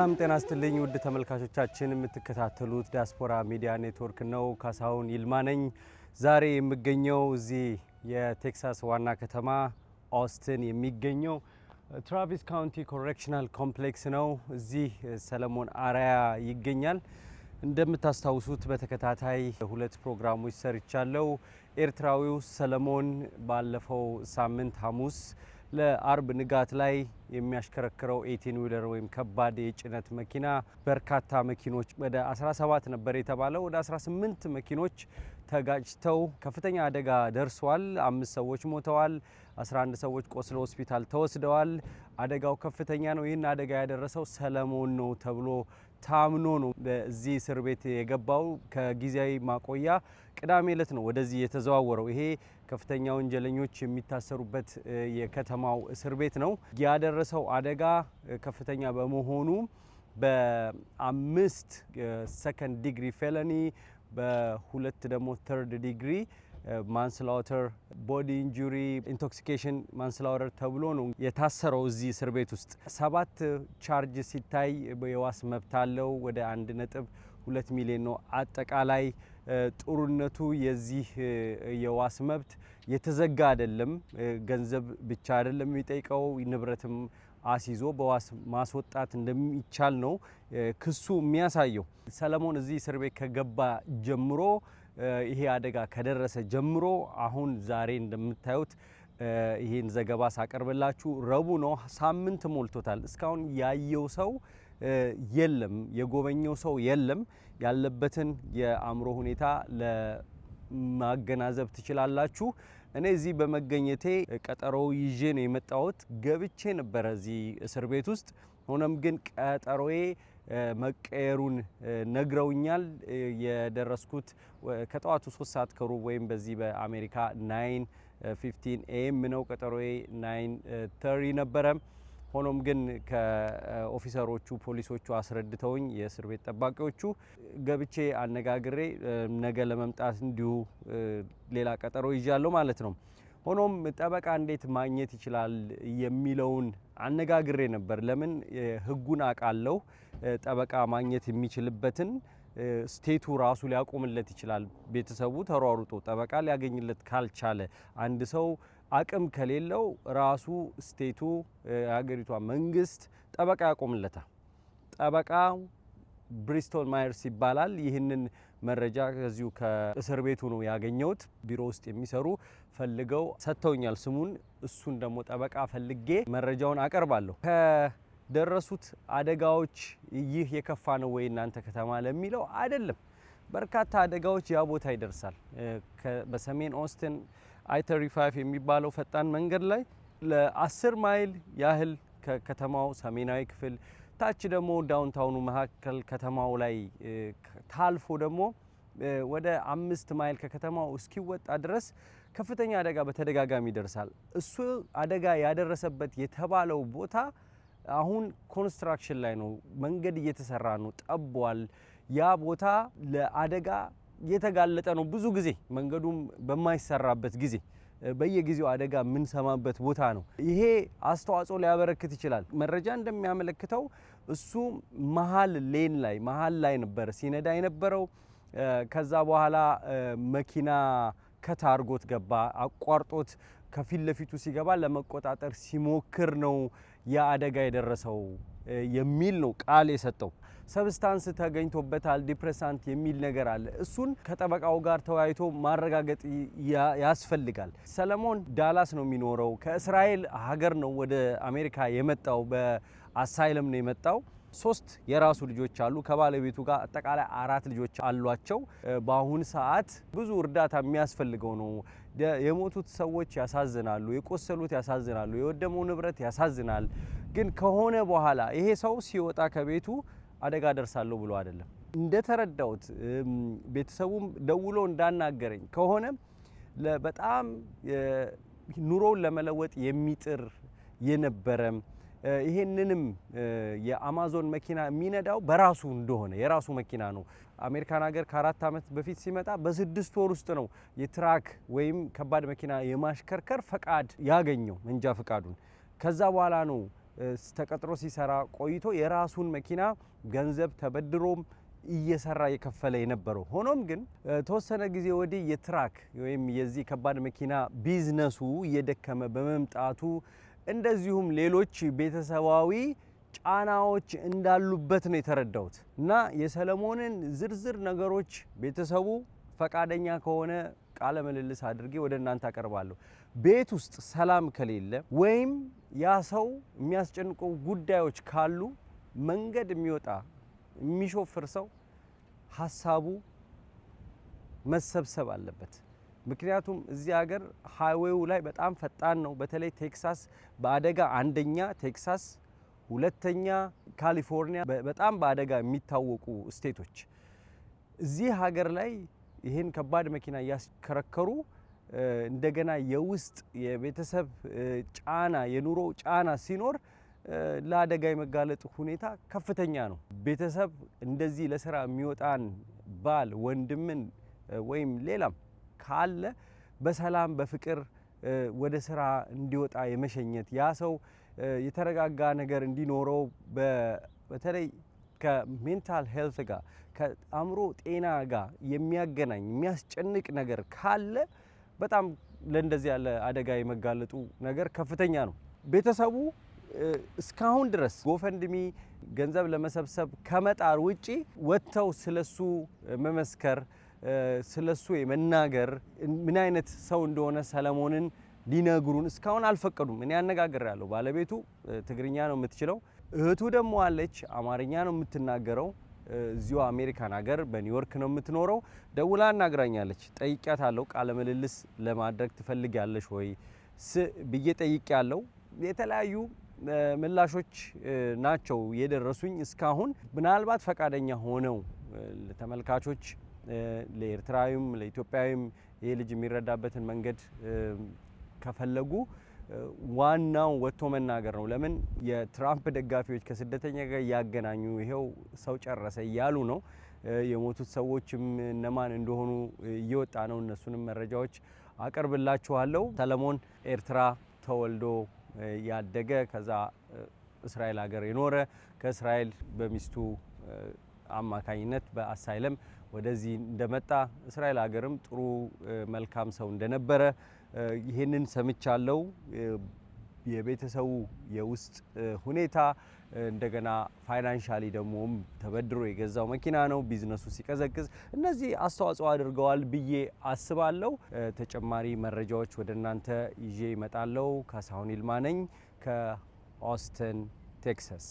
ሰላም ጤና ስትልኝ ውድ ተመልካቾቻችን የምትከታተሉት ዲያስፖራ ሚዲያ ኔትወርክ ነው። ካሳሁን ይልማ ነኝ። ዛሬ የምገኘው እዚህ የቴክሳስ ዋና ከተማ ኦስትን የሚገኘው ትራቪስ ካውንቲ ኮሬክሽናል ኮምፕሌክስ ነው። እዚህ ሰለሞን አርአያ ይገኛል። እንደምታስታውሱት በተከታታይ ሁለት ፕሮግራሞች ሰርቻለሁ። ኤርትራዊው ሰለሞን ባለፈው ሳምንት ሐሙስ ለአርብ ንጋት ላይ የሚያሽከረክረው ኤቲን ዊለር ወይም ከባድ የጭነት መኪና በርካታ መኪኖች ወደ 17 ነበር የተባለው ወደ 18 መኪኖች ተጋጭተው ከፍተኛ አደጋ ደርሷል። አምስት ሰዎች ሞተዋል። 11 ሰዎች ቆስለው ሆስፒታል ተወስደዋል። አደጋው ከፍተኛ ነው። ይህን አደጋ ያደረሰው ሰለሞን ነው ተብሎ ታምኖ ነው በዚህ እስር ቤት የገባው። ከጊዜያዊ ማቆያ ቅዳሜ ዕለት ነው ወደዚህ የተዘዋወረው። ይሄ ከፍተኛ ወንጀለኞች የሚታሰሩበት የከተማው እስር ቤት ነው። ያደረሰው አደጋ ከፍተኛ በመሆኑ በአምስት ሰከንድ ዲግሪ ፌለኒ በሁለት ደግሞ ተርድ ዲግሪ ማንስላውተር፣ ቦዲ ኢንጁሪ፣ ኢንቶክሲኬሽን ማንስላውተር ተብሎ ነው የታሰረው እዚህ እስር ቤት ውስጥ። ሰባት ቻርጅ ሲታይ የዋስ መብት አለው። ወደ አንድ ነጥብ ሁለት ሚሊዮን ነው አጠቃላይ ጥሩነቱ የዚህ የዋስ መብት የተዘጋ አይደለም። ገንዘብ ብቻ አይደለም የሚጠይቀው ንብረትም አስይዞ በዋስ ማስወጣት እንደሚቻል ነው ክሱ የሚያሳየው። ሰለሞን እዚህ እስር ቤት ከገባ ጀምሮ ይሄ አደጋ ከደረሰ ጀምሮ አሁን ዛሬ እንደምታዩት ይህን ዘገባ ሳቀርብላችሁ ረቡ ነው። ሳምንት ሞልቶታል። እስካሁን ያየው ሰው የለም፣ የጎበኘው ሰው የለም። ያለበትን የአእምሮ ሁኔታ ለማገናዘብ ትችላላችሁ። እኔ እዚህ በመገኘቴ ቀጠሮ ይዤ ነው የመጣሁት። ገብቼ ነበረ እዚህ እስር ቤት ውስጥ ሆኖም ግን ቀጠሮዬ መቀየሩን ነግረውኛል። የደረስኩት ከጠዋቱ ሶስት ሰዓት ከሩብ ወይም በዚህ በአሜሪካ ናይን ፊፍቲን ኤም ነው ቀጠሮ ናይን ተሪ ነበረ። ሆኖም ግን ከኦፊሰሮቹ ፖሊሶቹ አስረድተውኝ የእስር ቤት ጠባቂዎቹ ገብቼ አነጋግሬ ነገ ለመምጣት እንዲሁ ሌላ ቀጠሮ ይዣለሁ ማለት ነው። ሆኖም ጠበቃ እንዴት ማግኘት ይችላል የሚለውን አነጋግሬ ነበር። ለምን ህጉን አውቃለሁ ጠበቃ ማግኘት የሚችልበትን ስቴቱ ራሱ ሊያቆምለት ይችላል። ቤተሰቡ ተሯሩጦ ጠበቃ ሊያገኝለት ካልቻለ አንድ ሰው አቅም ከሌለው ራሱ ስቴቱ የሀገሪቷ መንግስት ጠበቃ ያቆምለታል። ጠበቃ ብሪስቶል ማየርስ ይባላል። ይህንን መረጃ ከዚሁ ከእስር ቤቱ ነው ያገኘሁት። ቢሮ ውስጥ የሚሰሩ ፈልገው ሰጥተውኛል ስሙን። እሱን ደግሞ ጠበቃ ፈልጌ መረጃውን አቀርባለሁ። ደረሱት አደጋዎች ይህ የከፋ ነው ወይ እናንተ ከተማ ለሚለው አይደለም። በርካታ አደጋዎች ያ ቦታ ይደርሳል። በሰሜን ኦስትን አይተሪ ፋይፍ የሚባለው ፈጣን መንገድ ላይ ለአስር ማይል ያህል ከከተማው ሰሜናዊ ክፍል ታች ደግሞ ዳውንታውኑ መካከል ከተማው ላይ ታልፎ ደግሞ ወደ አምስት ማይል ከከተማው እስኪወጣ ድረስ ከፍተኛ አደጋ በተደጋጋሚ ይደርሳል። እሱ አደጋ ያደረሰበት የተባለው ቦታ አሁን ኮንስትራክሽን ላይ ነው፣ መንገድ እየተሰራ ነው፣ ጠቧል። ያ ቦታ ለአደጋ የተጋለጠ ነው። ብዙ ጊዜ መንገዱም በማይሰራበት ጊዜ በየጊዜው አደጋ የምንሰማበት ቦታ ነው። ይሄ አስተዋጽኦ ሊያበረክት ይችላል። መረጃ እንደሚያመለክተው እሱ መሀል ሌን ላይ መሀል ላይ ነበር ሲነዳ የነበረው። ከዛ በኋላ መኪና ከታርጎት ገባ አቋርጦት ከፊት ለፊቱ ሲገባ ለመቆጣጠር ሲሞክር ነው የአደጋ የደረሰው የሚል ነው ቃል የሰጠው። ሰብስታንስ ተገኝቶበታል ዲፕሬሳንት የሚል ነገር አለ። እሱን ከጠበቃው ጋር ተወያይቶ ማረጋገጥ ያስፈልጋል። ሰለሞን ዳላስ ነው የሚኖረው። ከእስራኤል ሀገር ነው ወደ አሜሪካ የመጣው። በአሳይለም ነው የመጣው። ሶስት የራሱ ልጆች አሉ። ከባለቤቱ ጋር አጠቃላይ አራት ልጆች አሏቸው። በአሁን ሰዓት ብዙ እርዳታ የሚያስፈልገው ነው። የሞቱት ሰዎች ያሳዝናሉ፣ የቆሰሉት ያሳዝናሉ፣ የወደመው ንብረት ያሳዝናል። ግን ከሆነ በኋላ ይሄ ሰው ሲወጣ ከቤቱ አደጋ ደርሳለሁ ብሎ አይደለም እንደተረዳሁት ቤተሰቡም ደውሎ እንዳናገረኝ ከሆነ በጣም ኑሮውን ለመለወጥ የሚጥር የነበረ ይሄንንም የአማዞን መኪና የሚነዳው በራሱ እንደሆነ የራሱ መኪና ነው። አሜሪካን ሀገር ከአራት ዓመት በፊት ሲመጣ በስድስት ወር ውስጥ ነው የትራክ ወይም ከባድ መኪና የማሽከርከር ፈቃድ ያገኘው መንጃ ፈቃዱን። ከዛ በኋላ ነው ተቀጥሮ ሲሰራ ቆይቶ የራሱን መኪና ገንዘብ ተበድሮም እየሰራ የከፈለ የነበረው። ሆኖም ግን ተወሰነ ጊዜ ወዲህ የትራክ ወይም የዚህ ከባድ መኪና ቢዝነሱ እየደከመ በመምጣቱ እንደዚሁም ሌሎች ቤተሰባዊ ጫናዎች እንዳሉበት ነው የተረዳሁት እና የሰለሞንን ዝርዝር ነገሮች ቤተሰቡ ፈቃደኛ ከሆነ ቃለ ምልልስ አድርጌ ወደ እናንተ አቀርባለሁ። ቤት ውስጥ ሰላም ከሌለ ወይም ያ ሰው የሚያስጨንቁ ጉዳዮች ካሉ መንገድ የሚወጣ የሚሾፍር ሰው ሀሳቡ መሰብሰብ አለበት። ምክንያቱም እዚህ ሀገር ሀይዌው ላይ በጣም ፈጣን ነው። በተለይ ቴክሳስ በአደጋ አንደኛ ቴክሳስ፣ ሁለተኛ ካሊፎርኒያ በጣም በአደጋ የሚታወቁ ስቴቶች። እዚህ ሀገር ላይ ይህን ከባድ መኪና እያስከረከሩ እንደገና የውስጥ የቤተሰብ ጫና የኑሮ ጫና ሲኖር ለአደጋ የመጋለጥ ሁኔታ ከፍተኛ ነው። ቤተሰብ እንደዚህ ለስራ የሚወጣን ባል ወንድምን ወይም ሌላም ካለ በሰላም በፍቅር ወደ ስራ እንዲወጣ የመሸኘት ያ ሰው የተረጋጋ ነገር እንዲኖረው በተለይ ከሜንታል ሄልት ጋር ከአእምሮ ጤና ጋር የሚያገናኝ የሚያስጨንቅ ነገር ካለ በጣም ለእንደዚህ ያለ አደጋ የመጋለጡ ነገር ከፍተኛ ነው። ቤተሰቡ እስካሁን ድረስ ጎፈንድሚ ገንዘብ ለመሰብሰብ ከመጣር ውጪ ወጥተው ስለሱ መመስከር ስለሱ የመናገር ምን አይነት ሰው እንደሆነ ሰለሞንን ሊነግሩን እስካሁን አልፈቀዱም። እኔ ያለው ባለቤቱ ትግርኛ ነው የምትችለው፣ እህቱ ደግሞ አለች አማርኛ ነው የምትናገረው። እዚሁ አሜሪካን ሀገር በኒውዮርክ ነው የምትኖረው። ደውላ አናግራኛለች። ጠይቂያታለሁ። ቃለ ምልልስ ለማድረግ ትፈልጊያለሽ ወይ ብዬ ጠይቄያለሁ። የተለያዩ ምላሾች ናቸው የደረሱኝ እስካሁን። ምናልባት ፈቃደኛ ሆነው ተመልካቾች ለኤርትራዊም ለኢትዮጵያዊም ይሄ ልጅ የሚረዳበትን መንገድ ከፈለጉ ዋናው ወጥቶ መናገር ነው። ለምን የትራምፕ ደጋፊዎች ከስደተኛ ጋር እያገናኙ ይሄው ሰው ጨረሰ እያሉ ነው። የሞቱት ሰዎችም እነማን እንደሆኑ እየወጣ ነው። እነሱንም መረጃዎች አቀርብላችኋለሁ። ሰለሞን ኤርትራ ተወልዶ ያደገ ከዛ እስራኤል ሀገር የኖረ ከእስራኤል በሚስቱ አማካኝነት በአሳይለም ወደዚህ እንደመጣ እስራኤል ሀገርም ጥሩ መልካም ሰው እንደነበረ ይህንን ሰምቻለው። የቤተሰቡ የውስጥ ሁኔታ እንደገና ፋይናንሻሊ ደግሞም ተበድሮ የገዛው መኪና ነው። ቢዝነሱ ሲቀዘቅዝ እነዚህ አስተዋጽኦ አድርገዋል ብዬ አስባለሁ። ተጨማሪ መረጃዎች ወደ እናንተ ይዤ ይመጣለው። ካሳሁን ይልማ ነኝ ከኦስተን ቴክሳስ።